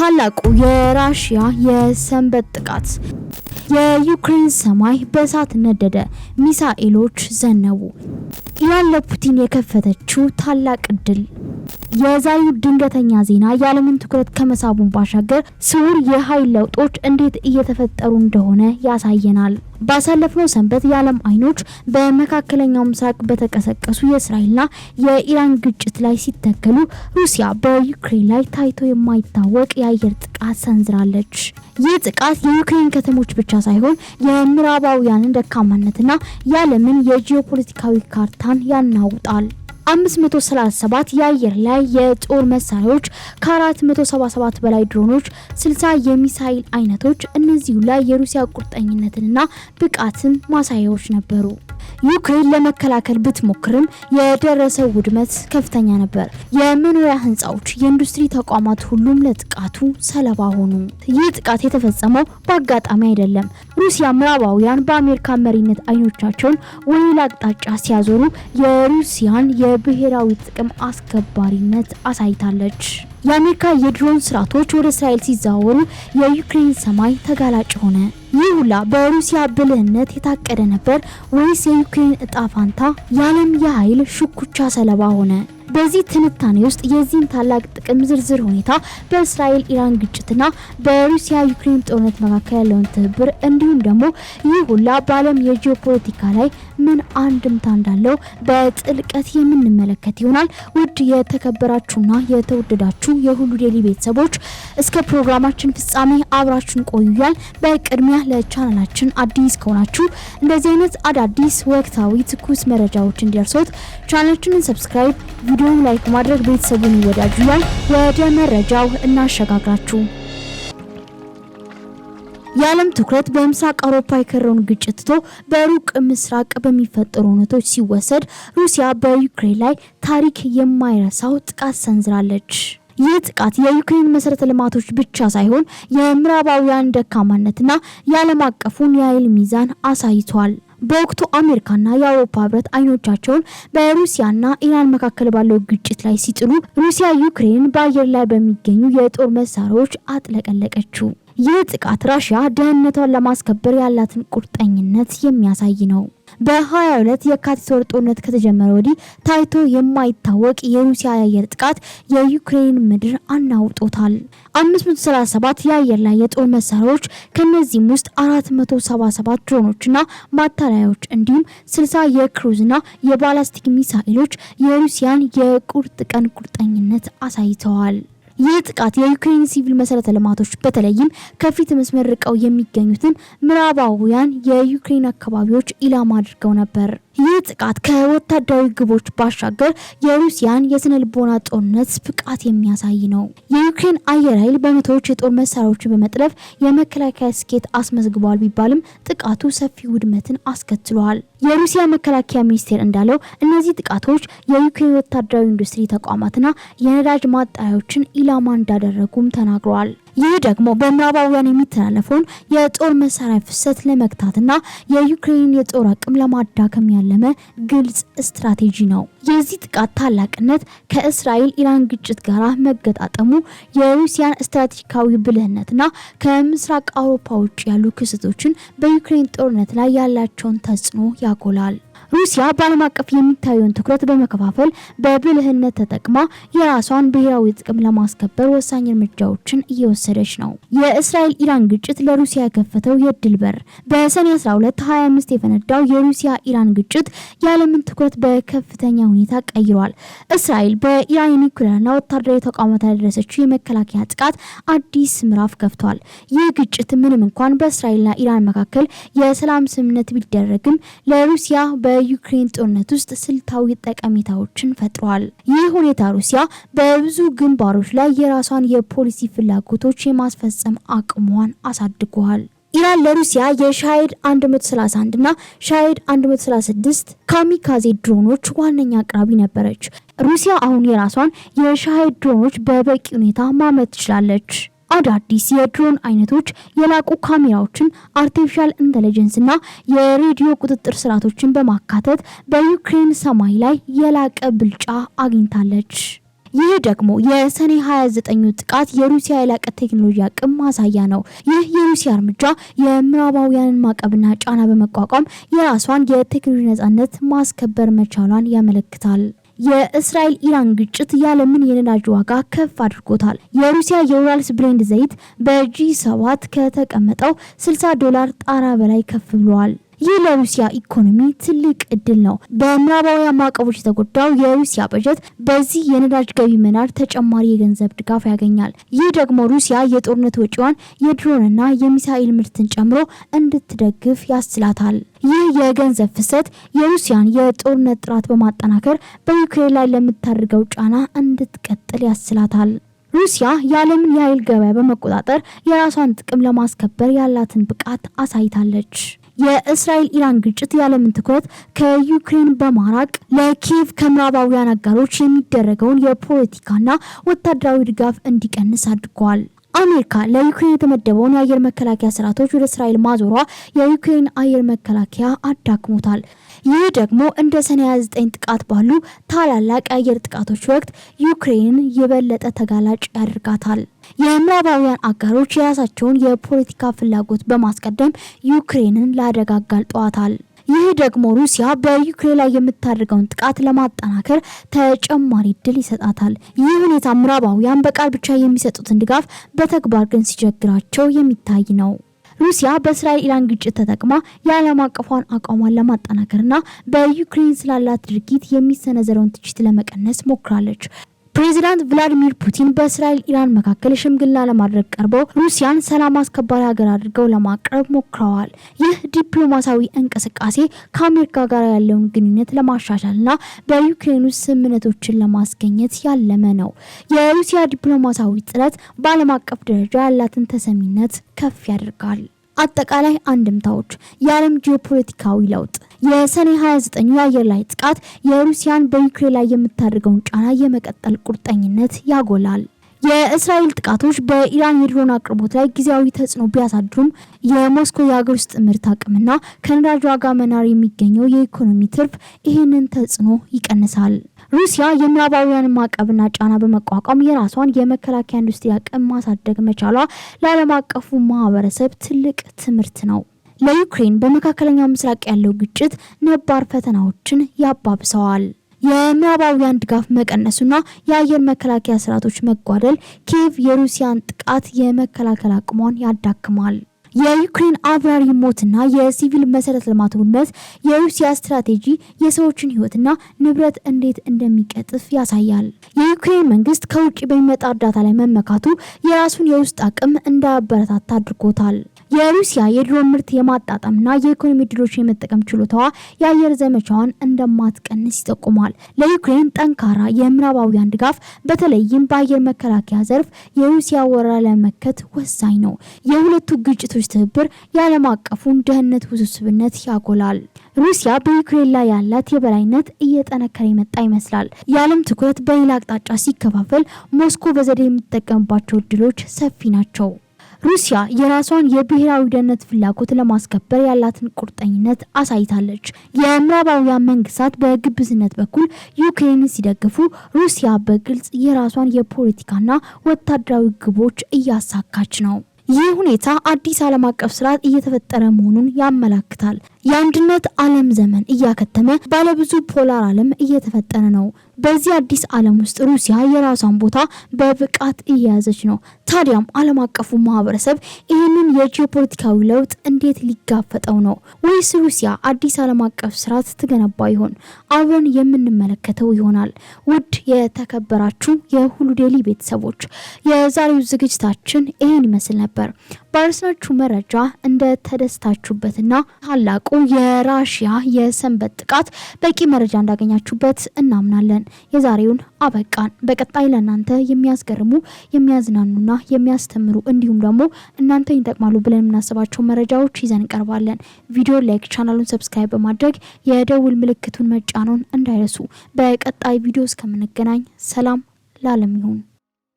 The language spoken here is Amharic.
ታላቁ የራሽያ የሰንበት ጥቃት የዩክሬን ሰማይ በእሳት ነደደ። ሚሳኤሎች ዘነቡ። ያለ ፑቲን የከፈተችው ታላቅ እድል የዛዩ ድንገተኛ ዜና የዓለምን ትኩረት ከመሳቡን ባሻገር ስውር የኃይል ለውጦች እንዴት እየተፈጠሩ እንደሆነ ያሳየናል። ባሳለፍነው ሰንበት የዓለም አይኖች በመካከለኛው ምስራቅ በተቀሰቀሱ የእስራኤልና የኢራን ግጭት ላይ ሲተከሉ ሩሲያ በዩክሬን ላይ ታይቶ የማይታወቅ የአየር ጥቃት ሰንዝራለች። ይህ ጥቃት የዩክሬን ከተሞች ብቻ ሳይሆን የምዕራባውያንን ደካማነትና የዓለምን የጂኦፖለቲካዊ ካርታን ያናውጣል። 537 የአየር ላይ የጦር መሳሪያዎች፣ ከ477 በላይ ድሮኖች፣ 60 የሚሳይል አይነቶች እነዚሁ ላይ የሩሲያ ቁርጠኝነትንና ብቃትን ማሳያዎች ነበሩ። ዩክሬን ለመከላከል ብትሞክርም የደረሰው ውድመት ከፍተኛ ነበር። የመኖሪያ ህንፃዎች፣ የኢንዱስትሪ ተቋማት ሁሉም ለጥቃቱ ሰለባ ሆኑ። ይህ ጥቃት የተፈጸመው በአጋጣሚ አይደለም። ሩሲያ ምዕራባውያን በአሜሪካ መሪነት አይኖቻቸውን ወይል አቅጣጫ ሲያዞሩ የሩሲያን የብሔራዊ ጥቅም አስከባሪነት አሳይታለች። የአሜሪካ የድሮን ስርዓቶች ወደ እስራኤል ሲዘዋወሩ የዩክሬን ሰማይ ተጋላጭ ሆነ። ይህ ሁላ በሩሲያ ብልህነት የታቀደ ነበር ወይስ የዩክሬን እጣ ፋንታ የዓለም የኃይል ሽኩቻ ሰለባ ሆነ? በዚህ ትንታኔ ውስጥ የዚህን ታላቅ ጥቅም ዝርዝር ሁኔታ በእስራኤል ኢራን ግጭትና በሩሲያ ዩክሬን ጦርነት መካከል ያለውን ትብብር እንዲሁም ደግሞ ይህ ሁላ በዓለም የጂኦ ፖለቲካ ላይ ምን አንድምታ እንዳለው በጥልቀት የምንመለከት ይሆናል። ውድ የተከበራችሁና የተወደዳችሁ የሁሉ ዴይሊ ቤተሰቦች እስከ ፕሮግራማችን ፍጻሜ አብራችን ቆዩያል። በቅድሚያ ለቻናላችን አዲስ ከሆናችሁ እንደዚህ አይነት አዳዲስ ወቅታዊ ትኩስ መረጃዎች እንዲደርሶት ቻናላችንን ሰብስክራይብ ቪዲዮውን ላይክ ማድረግ ቤተሰቡን ይወዳጁ። ወደ መረጃው እናሸጋግራችሁ። የዓለም ትኩረት በምስራቅ አውሮፓ የከረውን ግጭት ትቶ በሩቅ ምስራቅ በሚፈጠሩ እውነቶች ሲወሰድ ሩሲያ በዩክሬን ላይ ታሪክ የማይረሳው ጥቃት ሰንዝራለች። ይህ ጥቃት የዩክሬን መሰረተ ልማቶች ብቻ ሳይሆን የምዕራባውያን ደካማነትና የዓለም አቀፉን የኃይል ሚዛን አሳይቷል። በወቅቱ አሜሪካና የአውሮፓ ህብረት አይኖቻቸውን በሩሲያና ኢራን መካከል ባለው ግጭት ላይ ሲጥሉ ሩሲያ ዩክሬንን በአየር ላይ በሚገኙ የጦር መሳሪያዎች አጥለቀለቀችው። ይህ ጥቃት ራሽያ ደህንነቷን ለማስከበር ያላትን ቁርጠኝነት የሚያሳይ ነው። በ22 የካቲት ወር ጦርነት ከተጀመረ ወዲህ ታይቶ የማይታወቅ የሩሲያ የአየር ጥቃት የዩክሬን ምድር አናውጦታል። 537 የአየር ላይ የጦር መሳሪያዎች ከነዚህም ውስጥ 477 ድሮኖችና ማታለያዎች እንዲሁም 60 የክሩዝና የባላስቲክ ሚሳኤሎች የሩሲያን የቁርጥ ቀን ቁርጠኝነት አሳይተዋል። ይህ ጥቃት የዩክሬን ሲቪል መሰረተ ልማቶች በተለይም ከፊት መስመር ርቀው የሚገኙትን ምዕራባውያን የዩክሬን አካባቢዎች ኢላማ አድርገው ነበር። ይህ ጥቃት ከወታደራዊ ግቦች ባሻገር የሩሲያን የስነ ልቦና ጦርነት ብቃት የሚያሳይ ነው። የዩክሬን አየር ኃይል በመቶዎች የጦር መሳሪያዎችን በመጥለፍ የመከላከያ ስኬት አስመዝግቧል ቢባልም ጥቃቱ ሰፊ ውድመትን አስከትሏል። የሩሲያ መከላከያ ሚኒስቴር እንዳለው እነዚህ ጥቃቶች የዩክሬን ወታደራዊ ኢንዱስትሪ ተቋማትና የነዳጅ ማጣሪያዎችን ኢላማ እንዳደረጉም ተናግረዋል። ይህ ደግሞ በምዕራባውያን የሚተላለፈውን የጦር መሳሪያ ፍሰት ለመግታትና የዩክሬን የጦር አቅም ለማዳከም ያለመ ግልጽ ስትራቴጂ ነው። የዚህ ጥቃት ታላቅነት ከእስራኤል ኢራን ግጭት ጋር መገጣጠሙ፣ የሩሲያን ስትራቴጂካዊ ብልህነትና ከምስራቅ አውሮፓ ውጭ ያሉ ክስተቶችን በዩክሬን ጦርነት ላይ ያላቸውን ተጽዕኖ ያጎላል። ሩሲያ በዓለም አቀፍ የሚታየውን ትኩረት በመከፋፈል በብልህነት ተጠቅማ የራሷን ብሔራዊ ጥቅም ለማስከበር ወሳኝ እርምጃዎችን እየወሰደች ነው። የእስራኤል ኢራን ግጭት ለሩሲያ የከፈተው የድል በር በሰኔ 12 25 የፈነዳው የሩሲያ ኢራን ግጭት የዓለምን ትኩረት በከፍተኛ ሁኔታ ቀይሯል። እስራኤል በኢራን የኒውክሌርና ወታደራዊ ተቋማት ያደረሰችው የመከላከያ ጥቃት አዲስ ምዕራፍ ከፍቷል። ይህ ግጭት ምንም እንኳን በእስራኤልና ኢራን መካከል የሰላም ስምምነት ቢደረግም ለሩሲያ በ በዩክሬን ጦርነት ውስጥ ስልታዊ ጠቀሜታዎችን ፈጥሯል። ይህ ሁኔታ ሩሲያ በብዙ ግንባሮች ላይ የራሷን የፖሊሲ ፍላጎቶች የማስፈጸም አቅሟን አሳድጓል። ኢራን ለሩሲያ የሻይድ 131 እና ሻይድ 136 ካሚካዜ ድሮኖች ዋነኛ አቅራቢ ነበረች። ሩሲያ አሁን የራሷን የሻይድ ድሮኖች በበቂ ሁኔታ ማመት ትችላለች። አዳዲስ የድሮን አይነቶች፣ የላቁ ካሜራዎችን፣ አርቲፊሻል ኢንተለጀንስና የሬዲዮ ቁጥጥር ስርዓቶችን በማካተት በዩክሬን ሰማይ ላይ የላቀ ብልጫ አግኝታለች። ይህ ደግሞ የሰኔ 29ኙ ጥቃት የሩሲያ የላቀ ቴክኖሎጂ አቅም ማሳያ ነው። ይህ የሩሲያ እርምጃ የምዕራባውያንን ማዕቀብና ጫና በመቋቋም የራሷን የቴክኖሎጂ ነጻነት ማስከበር መቻሏን ያመለክታል። የእስራኤል ኢራን ግጭት የዓለምን የነዳጅ ዋጋ ከፍ አድርጎታል። የሩሲያ የኡራልስ ብሬንድ ዘይት በጂ ሰባት ከተቀመጠው 60 ዶላር ጣራ በላይ ከፍ ብሏል። ይህ ለሩሲያ ኢኮኖሚ ትልቅ እድል ነው። በምዕራባውያን ማዕቀቦች የተጎዳው የሩሲያ በጀት በዚህ የነዳጅ ገቢ መናር ተጨማሪ የገንዘብ ድጋፍ ያገኛል። ይህ ደግሞ ሩሲያ የጦርነት ወጪዋን የድሮንና የሚሳኤል ምርትን ጨምሮ እንድትደግፍ ያስችላታል። ይህ የገንዘብ ፍሰት የሩሲያን የጦርነት ጥራት በማጠናከር በዩክሬን ላይ ለምታደርገው ጫና እንድትቀጥል ያስችላታል። ሩሲያ የዓለምን የኃይል ገበያ በመቆጣጠር የራሷን ጥቅም ለማስከበር ያላትን ብቃት አሳይታለች። የእስራኤል ኢራን ግጭት የዓለምን ትኩረት ከዩክሬን በማራቅ ለኪየቭ ከምዕራባውያን አጋሮች የሚደረገውን የፖለቲካና ወታደራዊ ድጋፍ እንዲቀንስ አድርጓል። አሜሪካ ለዩክሬን የተመደበውን የአየር መከላከያ ስርዓቶች ወደ እስራኤል ማዞሯ የዩክሬን አየር መከላከያ አዳክሞታል። ይህ ደግሞ እንደ ሰኔ 29 ጥቃት ባሉ ታላላቅ የአየር ጥቃቶች ወቅት ዩክሬንን የበለጠ ተጋላጭ ያደርጋታል። የምዕራባውያን አጋሮች የራሳቸውን የፖለቲካ ፍላጎት በማስቀደም ዩክሬንን ላደጋ አጋልጧታል። ይህ ደግሞ ሩሲያ በዩክሬን ላይ የምታደርገውን ጥቃት ለማጠናከር ተጨማሪ እድል ይሰጣታል። ይህ ሁኔታ ምዕራባውያን በቃል ብቻ የሚሰጡትን ድጋፍ በተግባር ግን ሲቸግራቸው የሚታይ ነው። ሩሲያ በእስራኤል ኢራን ግጭት ተጠቅማ የዓለም አቀፏን አቋሟን ለማጠናከርና በዩክሬን ስላላት ድርጊት የሚሰነዘረውን ትችት ለመቀነስ ሞክራለች። ፕሬዚዳንት ቭላዲሚር ፑቲን በእስራኤል ኢራን መካከል ሽምግልና ለማድረግ ቀርበው ሩሲያን ሰላም አስከባሪ ሀገር አድርገው ለማቅረብ ሞክረዋል። ይህ ዲፕሎማሲያዊ እንቅስቃሴ ከአሜሪካ ጋር ያለውን ግንኙነት ለማሻሻልና በዩክሬን ውስጥ ስምምነቶችን ለማስገኘት ያለመ ነው። የሩሲያ ዲፕሎማሲያዊ ጥረት በዓለም አቀፍ ደረጃ ያላትን ተሰሚነት ከፍ ያደርጋል። አጠቃላይ አንድምታዎች፣ የዓለም ጂኦፖለቲካዊ ለውጥ፣ የሰኔ 29 የአየር ላይ ጥቃት የሩሲያን በዩክሬን ላይ የምታደርገውን ጫና የመቀጠል ቁርጠኝነት ያጎላል። የእስራኤል ጥቃቶች በኢራን የድሮን አቅርቦት ላይ ጊዜያዊ ተጽዕኖ ቢያሳድሩም የሞስኮ የሀገር ውስጥ ምርት አቅምና ከነዳጅ ዋጋ መናር የሚገኘው የኢኮኖሚ ትርፍ ይህንን ተጽዕኖ ይቀንሳል። ሩሲያ የምዕራባውያንን ማዕቀብና ጫና በመቋቋም የራሷን የመከላከያ ኢንዱስትሪ አቅም ማሳደግ መቻሏ ለዓለም አቀፉ ማህበረሰብ ትልቅ ትምህርት ነው። ለዩክሬን በመካከለኛው ምስራቅ ያለው ግጭት ነባር ፈተናዎችን ያባብሰዋል። የምዕራባውያን ድጋፍ መቀነሱና የአየር መከላከያ ስርዓቶች መጓደል ኪየቭ የሩሲያን ጥቃት የመከላከል አቅሟን ያዳክማል። የዩክሬን አብራሪ ሞትና የሲቪል መሰረተ ልማት ውድመት የሩሲያ ስትራቴጂ የሰዎችን ህይወትና ንብረት እንዴት እንደሚቀጥፍ ያሳያል። የዩክሬን መንግስት ከውጭ በሚመጣ እርዳታ ላይ መመካቱ የራሱን የውስጥ አቅም እንዳያበረታታ አድርጎታል። የሩሲያ የድሮን ምርት የማጣጣምና የኢኮኖሚ ድሎች የመጠቀም ችሎታዋ የአየር ዘመቻዋን እንደማትቀንስ ይጠቁማል። ለዩክሬን ጠንካራ የምዕራባውያን ድጋፍ በተለይም በአየር መከላከያ ዘርፍ የሩሲያ ወረራ ለመመከት ወሳኝ ነው። የሁለቱ ግጭቶች ትብብር የዓለም አቀፉን ደህንነት ውስብስብነት ያጎላል። ሩሲያ በዩክሬን ላይ ያላት የበላይነት እየጠነከረ የመጣ ይመስላል። የዓለም ትኩረት በሌላ አቅጣጫ ሲከፋፈል ሞስኮ በዘዴ የሚጠቀምባቸው እድሎች ሰፊ ናቸው። ሩሲያ የራሷን የብሔራዊ ደህንነት ፍላጎት ለማስከበር ያላትን ቁርጠኝነት አሳይታለች። የምዕራባውያን መንግስታት በግብዝነት በኩል ዩክሬንን ሲደግፉ፣ ሩሲያ በግልጽ የራሷን የፖለቲካና ወታደራዊ ግቦች እያሳካች ነው። ይህ ሁኔታ አዲስ ዓለም አቀፍ ስርዓት እየተፈጠረ መሆኑን ያመላክታል። የአንድነት ዓለም ዘመን እያከተመ ባለብዙ ፖላር ዓለም እየተፈጠረ ነው። በዚህ አዲስ ዓለም ውስጥ ሩሲያ የራሷን ቦታ በብቃት እየያዘች ነው። ታዲያም ዓለም አቀፉ ማህበረሰብ ይህንን የጂኦፖለቲካዊ ለውጥ እንዴት ሊጋፈጠው ነው? ወይስ ሩሲያ አዲስ ዓለም አቀፍ ስርዓት ትገነባ ይሆን? አብረን የምንመለከተው ይሆናል። ውድ የተከበራችሁ የሁሉ ዴይሊ ቤተሰቦች የዛሬው ዝግጅታችን ይህን ይመስል ነበር። ባረስናችሁ መረጃ እንደተደስታችሁበትና ታላቁ የራሽያ የሰንበት ጥቃት በቂ መረጃ እንዳገኛችሁበት እናምናለን። የዛሬውን አበቃን። በቀጣይ ለእናንተ የሚያስገርሙ የሚያዝናኑና የሚያስተምሩ እንዲሁም ደግሞ እናንተ ይጠቅማሉ ብለን የምናስባቸው መረጃዎች ይዘን እንቀርባለን። ቪዲዮ ላይክ፣ ቻናሉን ሰብስክራይብ በማድረግ የደውል ምልክቱን መጫኖን እንዳይረሱ። በቀጣይ ቪዲዮ እስከምንገናኝ ሰላም ላለም ይሁን።